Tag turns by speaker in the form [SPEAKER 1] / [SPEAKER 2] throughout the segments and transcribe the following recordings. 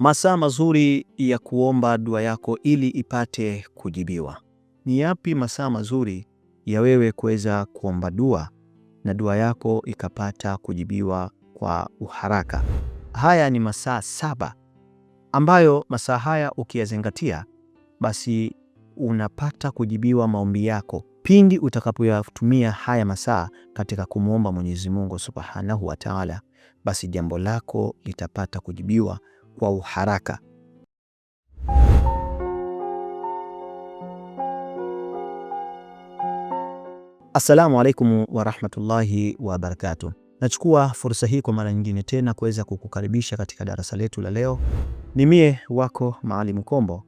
[SPEAKER 1] Masaa mazuri ya kuomba dua yako ili ipate kujibiwa. Ni yapi masaa mazuri ya wewe kuweza kuomba dua na dua yako ikapata kujibiwa kwa uharaka? Haya ni masaa saba ambayo masaa haya ukiyazingatia, basi unapata kujibiwa maombi yako pindi utakapoyatumia haya masaa katika kumwomba Mwenyezi Mungu Subhanahu wa Ta'ala, basi jambo lako litapata kujibiwa kwa uharaka.
[SPEAKER 2] Assalamu alaikum warahmatullahi wabarakatu Nachukua fursa hii kwa mara nyingine tena kuweza kukukaribisha katika darasa letu la leo.
[SPEAKER 1] Ni mie wako Maalimu Kombo.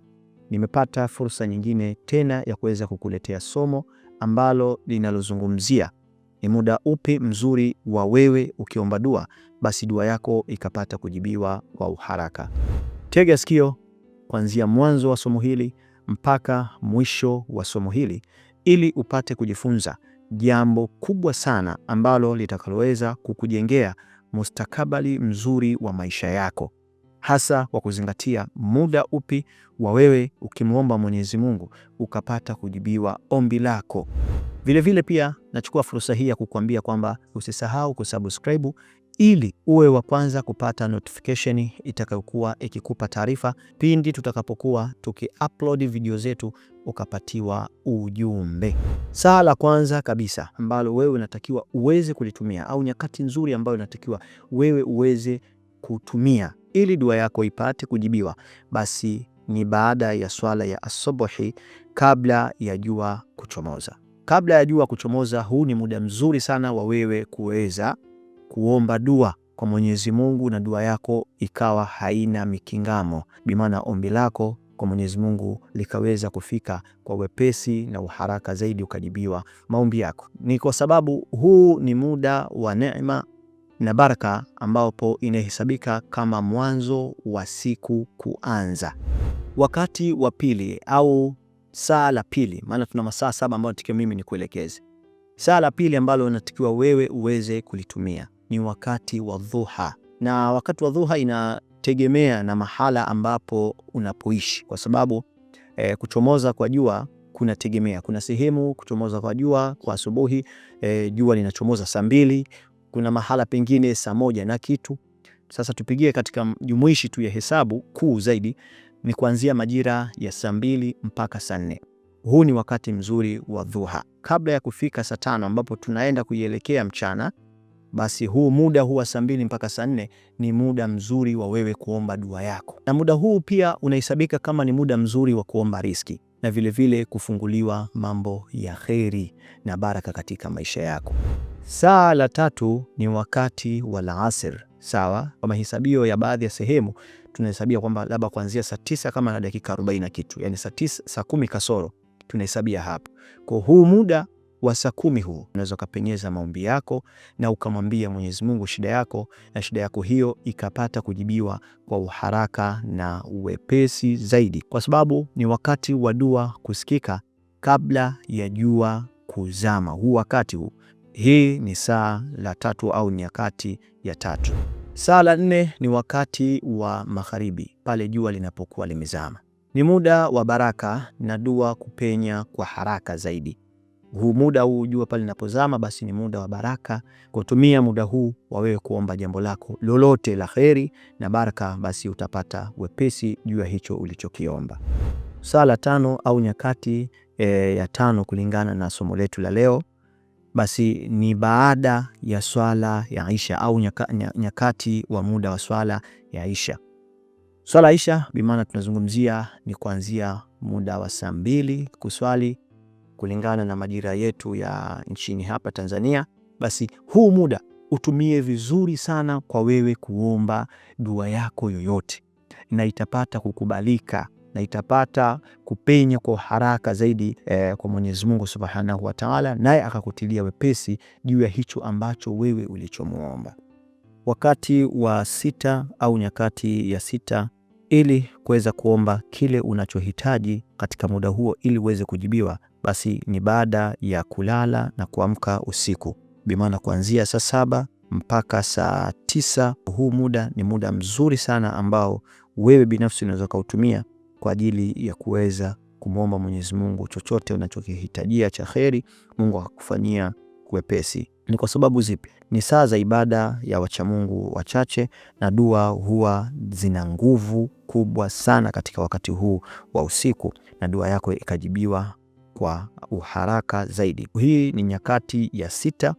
[SPEAKER 1] Nimepata fursa nyingine tena ya kuweza kukuletea somo ambalo linalozungumzia ni muda upi mzuri wa wewe ukiomba dua, basi dua yako ikapata kujibiwa kwa uharaka. Tega sikio kuanzia mwanzo wa somo hili mpaka mwisho wa somo hili ili upate kujifunza jambo kubwa sana ambalo litakaloweza kukujengea mustakabali mzuri wa maisha yako, hasa kwa kuzingatia muda upi wa wewe ukimwomba Mwenyezi Mungu ukapata kujibiwa ombi lako.
[SPEAKER 2] Vilevile vile pia nachukua fursa hii ya kukuambia kwamba usisahau kusubscribe ili uwe wa kwanza kupata notification itakayokuwa ikikupa taarifa pindi tutakapokuwa tukiupload video zetu ukapatiwa ujumbe.
[SPEAKER 1] Saa la kwanza kabisa ambalo wewe unatakiwa uweze kulitumia au nyakati nzuri ambayo unatakiwa wewe uweze kutumia ili dua yako ipate kujibiwa, basi ni baada ya swala ya asubuhi kabla ya jua kuchomoza kabla ya jua kuchomoza, huu ni muda mzuri sana wa wewe kuweza kuomba dua kwa Mwenyezi Mungu na dua yako ikawa haina mikingamo, bimaana ombi lako kwa Mwenyezi Mungu likaweza kufika kwa wepesi na uharaka zaidi, ukajibiwa maombi yako. Ni kwa sababu huu ni muda wa neema na baraka ambapo inahesabika kama mwanzo wa siku kuanza. Wakati wa pili au saa la pili, maana tuna masaa saba ambayo natakiwa mimi nikuelekeze. Saa la pili ambalo unatakiwa wewe uweze kulitumia ni wakati wa dhuha, na wakati wa dhuha inategemea na mahala ambapo unapoishi, kwa sababu e, kuchomoza kwa jua kunategemea. Kuna sehemu kuchomoza kwa jua kwa asubuhi, e, jua linachomoza saa mbili, kuna mahala pengine saa moja na kitu. Sasa tupigie katika jumuishi tu ya hesabu kuu zaidi ni kuanzia majira ya saa mbili mpaka saa nne. Huu ni wakati mzuri wa dhuha kabla ya kufika saa tano ambapo tunaenda kuielekea mchana. Basi huu muda huu wa saa mbili mpaka saa nne ni muda mzuri wa wewe kuomba dua yako, na muda huu pia unahesabika kama ni muda mzuri wa kuomba riski na vilevile vile kufunguliwa mambo ya kheri na baraka katika maisha yako. Saa la tatu ni wakati wa laasir, sawa kwa mahesabio ya baadhi ya sehemu tunahesabia kwamba labda kuanzia saa tisa kama na dakika arobaini na kitu, yani saa tisa, saa kumi kasoro tunahesabia hapo. Kwa huu muda wa saa kumi huu unaweza ukapenyeza maombi yako na ukamwambia Mwenyezi Mungu shida yako, na shida yako hiyo ikapata kujibiwa kwa uharaka na uwepesi zaidi, kwa sababu ni wakati wa dua kusikika kabla ya jua kuzama. Huu wakati huu, hii ni saa la tatu au nyakati ya tatu. Saa la nne ni wakati wa magharibi, pale jua linapokuwa limezama. Ni muda wa baraka na dua kupenya kwa haraka zaidi. Huu muda huu jua pale linapozama, basi ni muda wa baraka. Kutumia muda huu wawewe kuomba jambo lako lolote la kheri na baraka, basi utapata wepesi juu ya hicho ulichokiomba. Saa la tano au nyakati e, ya tano kulingana na somo letu la leo basi ni baada ya swala ya isha au nyaka, nyakati wa muda wa swala ya isha. Swala ya isha bimaana tunazungumzia ni kuanzia muda wa saa mbili kuswali kulingana na majira yetu ya nchini hapa Tanzania. Basi huu muda utumie vizuri sana kwa wewe kuomba dua yako yoyote, na itapata kukubalika na itapata kupenya kwa haraka zaidi eh, kwa Mwenyezi Mungu Subhanahu wa Ta'ala, naye akakutilia wepesi juu ya hicho ambacho wewe ulichomuomba. Wakati wa sita au nyakati ya sita ili kuweza kuomba kile unachohitaji katika muda huo ili uweze kujibiwa, basi ni baada ya kulala na kuamka usiku, bimaana kuanzia saa saba mpaka saa tisa. Huu muda ni muda mzuri sana ambao wewe binafsi unaweza ukautumia kwa ajili ya kuweza kumwomba Mwenyezi Mungu chochote unachokihitajia cha kheri, Mungu akakufanyia wepesi. Ni kwa sababu zipi? Ni saa za ibada ya wachamungu wachache, na dua huwa zina nguvu kubwa sana katika wakati huu wa usiku, na dua yako ikajibiwa kwa uharaka zaidi. Hii ni nyakati ya sita,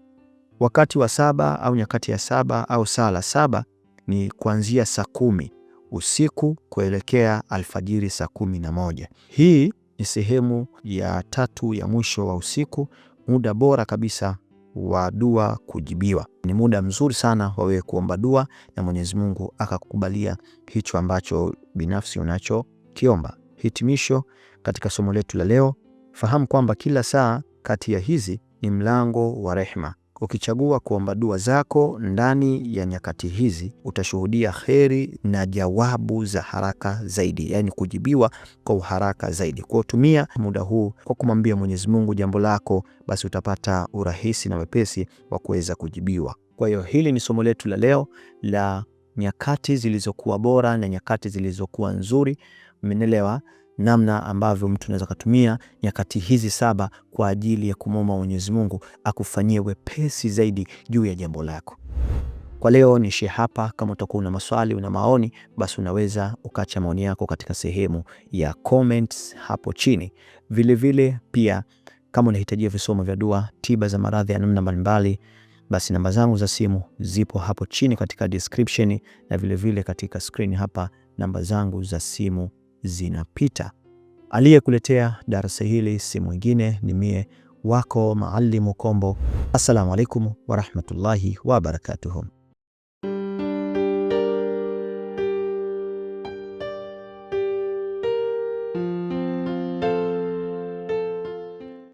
[SPEAKER 1] wakati wa saba au nyakati ya saba au saa la saba ni kuanzia saa kumi usiku kuelekea alfajiri saa kumi na moja. Hii ni sehemu ya tatu ya mwisho wa usiku, muda bora kabisa wa dua kujibiwa. Ni muda mzuri sana wa wewe kuomba dua na Mwenyezi Mungu akakukubalia hicho ambacho binafsi unachokiomba. Hitimisho katika somo letu la leo, fahamu kwamba kila saa kati ya hizi ni mlango wa rehma Ukichagua kuomba dua zako ndani ya nyakati hizi, utashuhudia kheri na jawabu za haraka zaidi, yaani kujibiwa kwa uharaka zaidi. Kwa tumia muda huu kwa kumwambia Mwenyezi Mungu jambo lako, basi utapata urahisi na wepesi wa kuweza kujibiwa. Kwa hiyo hili ni somo letu la leo la nyakati zilizokuwa bora na nyakati zilizokuwa nzuri, mmenielewa? namna ambavyo mtu anaweza kutumia nyakati hizi saba kwa ajili ya kumwomba Mwenyezi Mungu akufanyie wepesi zaidi juu ya jambo lako. Kwa leo niishie hapa. Kama utakuwa una maswali, una maoni, basi unaweza ukaacha maoni yako katika sehemu ya comments hapo chini. Vilevile vile, pia kama unahitajia visomo vya dua, tiba za maradhi ya namna mbalimbali, basi namba zangu za simu zipo hapo chini katika description, na vilevile vile katika screen hapa namba zangu za simu zinapita. Aliyekuletea darasa hili si mwingine ni mie wako Maalimu Kombo. Assalamu alaikum warahmatullahi wabarakatuhu.